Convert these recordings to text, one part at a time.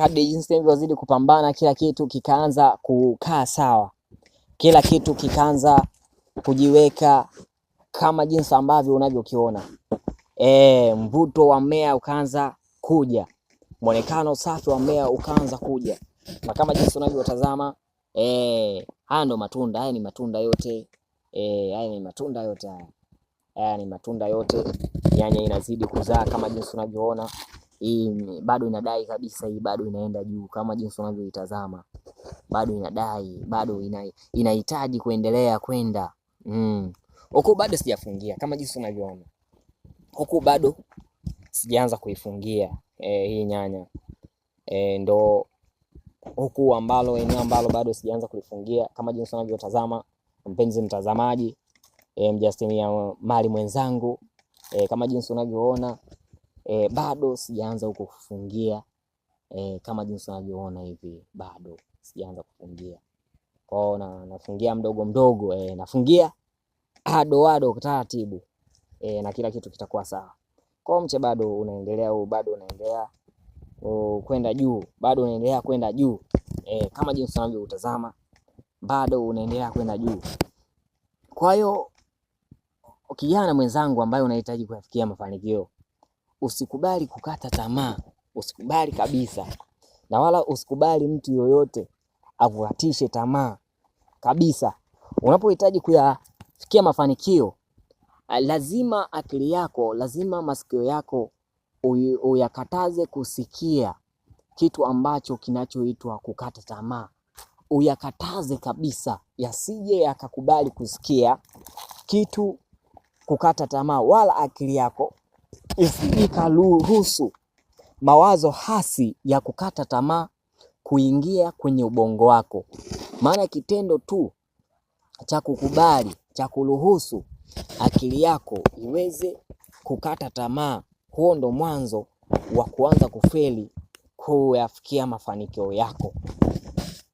kadri jinsi nilivyozidi kupambana, kila kitu kikaanza kukaa sawa, kila kitu kikaanza kujiweka kama jinsi ambavyo unavyokiona. E, mvuto wa mmea ukaanza kuja, mwonekano safi wa mmea ukaanza kuja, na kama jinsi unavyotazama e, haya ndo matunda. Haya ni matunda yote e, haya ni matunda yote haya haya ni matunda yote. Nyanya inazidi kuzaa kama jinsi unavyoona hii bado inadai kabisa, hii bado inaenda juu kama jinsi unavyoitazama, bado inadai, bado ina, inahitaji kuendelea kwenda mm. Huku bado sijafungia kama jinsi unavyoona, huku bado sijaanza kuifungia e, hii nyanya e, ndo huku ambalo eneo ambalo bado sijaanza kulifungia kama jinsi unavyotazama mpenzi mtazamaji, e, mjastimia mali mwenzangu e, kama jinsi unavyoona E, bado sijaanza huko kufungia e, kama jinsi unavyoona hivi, bado sijaanza kufungia kwao na, nafungia mdogo mdogo e, nafungia ado ado taratibu e, na kila kitu kitakuwa sawa. Kwa mche bado unaendelea huu, bado unaendelea kwenda juu, bado unaendelea kwenda juu e, kama jinsi unavyoutazama bado unaendelea kwenda juu. Kwa hiyo kijana mwenzangu ambaye unahitaji kuyafikia mafanikio usikubali kukata tamaa, usikubali kabisa, na wala usikubali mtu yoyote akukatishe tamaa kabisa. Unapohitaji kuyafikia mafanikio, lazima akili yako, lazima masikio yako uyakataze kusikia kitu ambacho kinachoitwa kukata tamaa. Uyakataze kabisa, yasije yakakubali kusikia kitu kukata tamaa, wala akili yako ikaruhusu mawazo hasi ya kukata tamaa kuingia kwenye ubongo wako. Maana kitendo tu cha kukubali, cha kuruhusu akili yako iweze kukata tamaa, huo ndo mwanzo wa kuanza kufeli kuyafikia mafanikio yako.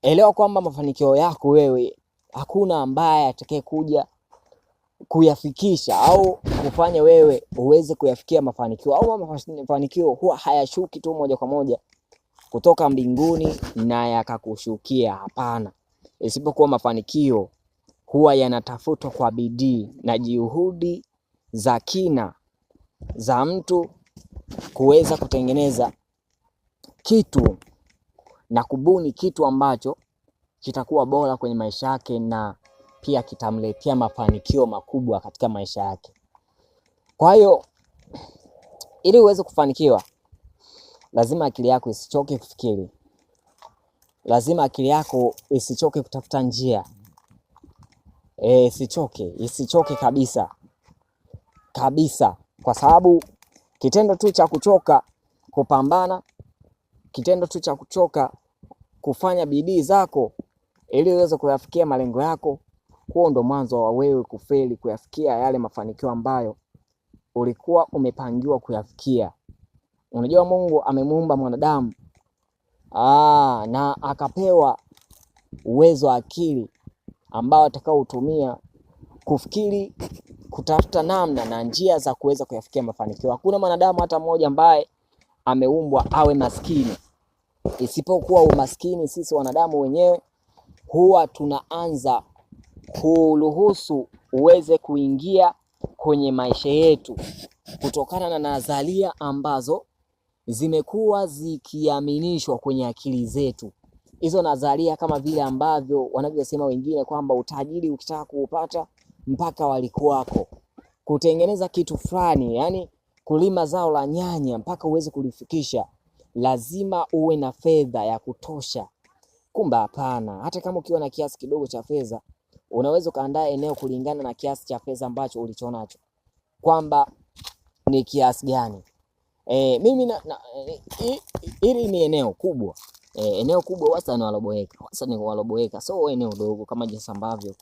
Elewa kwamba mafanikio yako wewe, hakuna ambaye atakayekuja kuyafikisha au kufanya wewe uweze kuyafikia mafanikio au mafanikio huwa hayashuki tu moja kwa moja kutoka mbinguni na yakakushukia. Hapana, isipokuwa mafanikio huwa yanatafutwa kwa bidii na juhudi za kina za mtu kuweza kutengeneza kitu na kubuni kitu ambacho kitakuwa bora kwenye maisha yake na pia kitamletea mafanikio makubwa katika maisha yake. Kwa hiyo ili uweze kufanikiwa, lazima akili yako isichoke kufikiri, lazima akili yako isichoke kutafuta njia e, isichoke, isichoke kabisa kabisa, kwa sababu kitendo tu cha kuchoka kupambana, kitendo tu cha kuchoka kufanya bidii zako ili uweze kuyafikia malengo yako huo ndo mwanzo wa wewe kufeli kuyafikia yale mafanikio ambayo ulikuwa umepangiwa kuyafikia. Unajua Mungu amemuumba mwanadamu aa, na akapewa uwezo wa akili ambao utumia kufikiri, kutafuta namna na njia za kuweza kuyafikia mafanikio. Hakuna mwanadamu hata mmoja ambaye ameumbwa awe maskini, isipokuwa umaskini sisi wanadamu wenyewe huwa tunaanza kuruhusu uweze kuingia kwenye maisha yetu kutokana na nadharia ambazo zimekuwa zikiaminishwa kwenye akili zetu. Hizo nadharia kama vile ambavyo wanavyosema wengine kwamba utajiri ukitaka kuupata mpaka walikuwako, kutengeneza kitu fulani, yani kulima zao la nyanya mpaka uweze kulifikisha, lazima uwe na fedha ya kutosha. Kumbe hapana, hata kama ukiwa na kiasi kidogo cha fedha Unaweza ukaandaa eneo kulingana na kiasi cha pesa ambacho ulichonacho kwamba ni kiasi gani. E, mimi na, na, hili e, ni eneo kubwa e, eneo kubwa wastani wa robo eka, wastani waloboeka, so eneo dogo kama jinsi ambavyo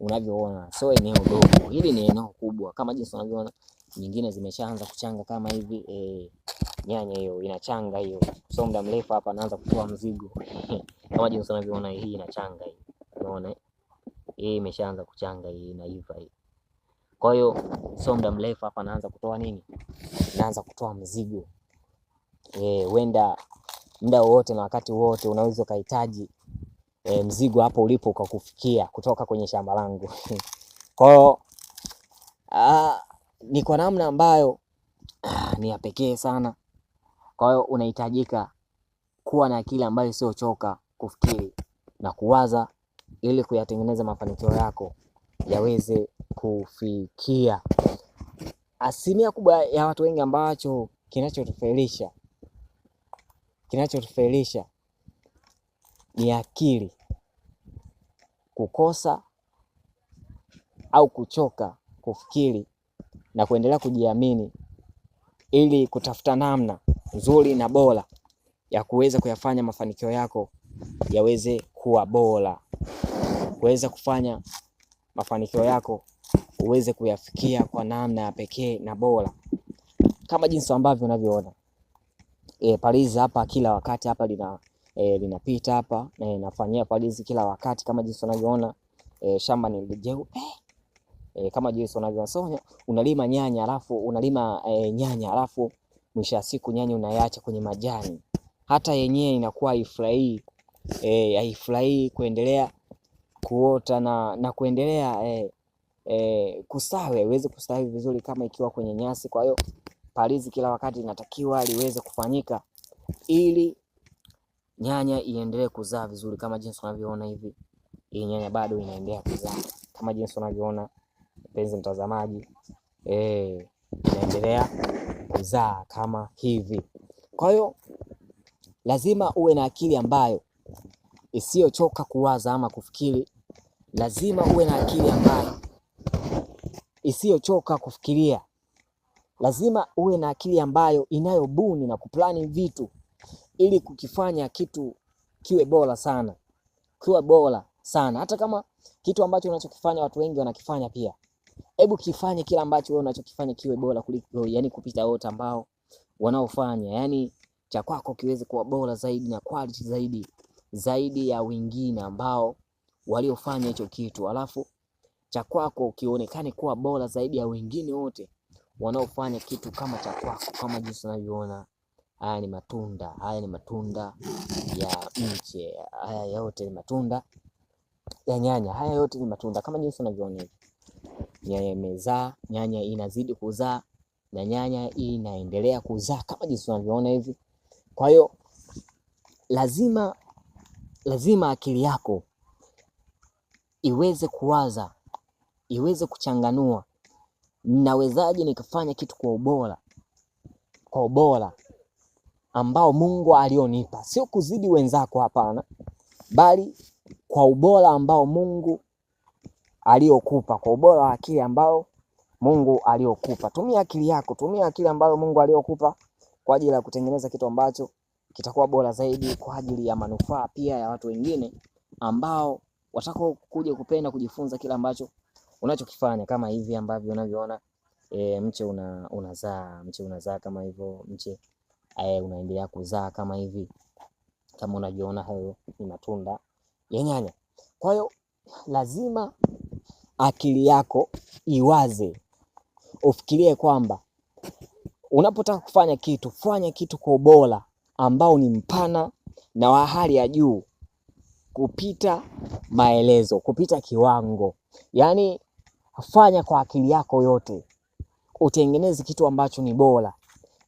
unavyoona, so eneo dogo. Hili ni eneo kubwa kama jinsi unavyoona, nyingine zimeshaanza kuchanga kama hivi e, nyanya hiyo inachanga hiyo, so muda mrefu hapa naanza kutoa mzigo kama jinsi unavyoona, hii inachanga hii, unaona hii imeshaanza kuchanga, hii inaiva hii. Kwa hiyo sio muda mrefu hapa naanza kutoa nini, naanza kutoa mzigo Eh, wenda muda wote na wakati wote unaweza ukahitaji e, mzigo hapo ulipo kufikia kutoka kwenye shamba langu. Kwa hiyo ah, ni kwa namna ambayo ah, ni ya pekee sana. Kwa hiyo unahitajika kuwa na akili ambayo choka kufikiri na kuwaza ili kuyatengeneza mafanikio yako yaweze kufikia. Asilimia kubwa ya watu wengi ambacho kinachotufailisha kinachotufailisha ni akili kukosa au kuchoka kufikiri na kuendelea kujiamini ili kutafuta namna nzuri na bora ya kuweza kuyafanya mafanikio yako yaweze kuwa bora kuweza kufanya mafanikio yako uweze kuyafikia kwa namna ya pekee na bora, kama jinsi ambavyo unavyoona e, palizi hapa kila wakati hapa lina e, linapita hapa na e, inafanyia palizi kila wakati kama jinsi unavyoona e, shamba ni jeupe e, kama jinsi unavyosonya unalima nyanya alafu unalima e, nyanya alafu mwisho wa siku nyanya unayaacha kwenye majani, hata yenyewe inakuwa ifurahii e, haifurahii kuendelea kuota na, na kuendelea eh, eh, kustawi, iweze kustawi vizuri kama ikiwa kwenye nyasi. Kwa hiyo palizi kila wakati inatakiwa liweze kufanyika ili nyanya iendelee kuzaa vizuri kama jinsi unavyoona hivi. Hii nyanya bado inaendelea kuzaa kama jinsi unavyoona mpenzi mtazamaji, eh, inaendelea kuzaa kama hivi. Kwa hiyo lazima uwe na akili ambayo isiyochoka kuwaza ama kufikiri lazima uwe na akili ambayo isiyochoka kufikiria. Lazima uwe na akili ambayo inayobuni na kuplani vitu ili kukifanya kitu kiwe bora sana, kiwe bora sana, hata kama kitu ambacho unachokifanya watu wengi wanakifanya pia. Hebu kifanye kile ambacho wewe unachokifanya kiwe bora kuliko, yani kupita wote ambao wanaofanya, yani cha kwako kiweze kuwa bora zaidi na quality zaidi zaidi ya wengine ambao waliofanya hicho kitu, alafu cha kwako kionekane kuwa bora zaidi ya wengine wote wanaofanya kitu kama cha kwako, kama jinsi unavyoona. Haya ni matunda, haya ni matunda ya mche, haya yote ni matunda ya nyanya, haya yote ni matunda kama jinsi unavyoona hivi. Nyanya imezaa, nyanya inazidi kuzaa na nyanya inaendelea kuzaa kama jinsi unavyoona hivi. Kwa hiyo lazima lazima akili yako iweze kuwaza, iweze kuchanganua, ninawezaje nikafanya kitu kwa ubora, kwa ubora ambao Mungu alionipa, sio kuzidi wenzako, hapana, bali kwa ubora ambao Mungu aliokupa, kwa ubora wa akili ambao Mungu aliokupa. Tumia akili yako, tumia akili ambayo Mungu aliokupa kwa ajili ya kutengeneza kitu ambacho kitakuwa bora zaidi kwa ajili ya manufaa pia ya watu wengine ambao watako kuja kupenda kujifunza kila ambacho unachokifanya, kama hivi ambavyo unavyoona e, mche una, unazaa mche unazaa kama hivyo mche e, unaendelea kuzaa kama hivi, kama unajiona hayo ni matunda ya nyanya. Kwa hiyo lazima akili yako iwaze, ufikirie kwamba unapotaka kufanya kitu, fanya kitu kwa ubora ambao ni mpana na wa hali ya juu kupita maelezo, kupita kiwango. Yaani fanya kwa akili yako yote, utengeneze kitu ambacho ni bora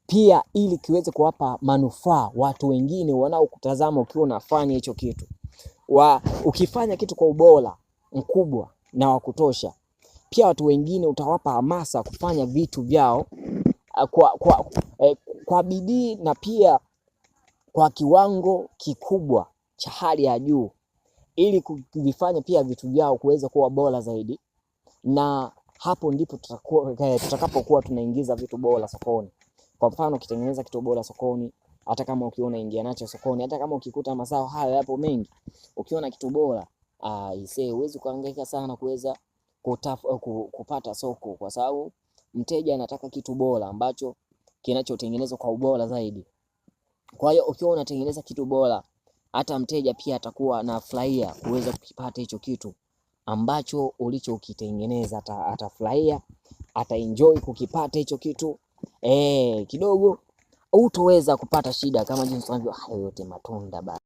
pia, ili kiweze kuwapa manufaa watu wengine wanaokutazama ukiwa unafanya hicho kitu wa, ukifanya kitu kwa ubora mkubwa na wa kutosha, pia watu wengine utawapa hamasa kufanya vitu vyao eh, kwa, kwa, eh, kwa bidii na pia kwa kiwango kikubwa cha hali ya juu ili kuvifanya pia vitu vyao kuweza kuwa bora zaidi, na hapo ndipo eh, tutakapokuwa tunaingiza vitu bora sokoni. Kwa mfano, ukitengeneza kitu bora sokoni, hata kama ukiona ingia nacho sokoni, hata kama ukikuta mazao hayo yapo mengi, ukiona kitu bora aisee, ah, huwezi kuhangaika sana kuweza eh, kupata soko, kwa sababu mteja anataka kitu bora ambacho kinachotengenezwa kwa ubora zaidi. Kwa hiyo ukiwa unatengeneza kitu bora hata mteja pia atakuwa na anafurahia kuweza kukipata hicho kitu ambacho ulichokitengeneza, atafurahia, ataenjoy kukipata hicho kitu e, kidogo utoweza kupata shida kama jinsi unavyo. Hayo yote matunda ba.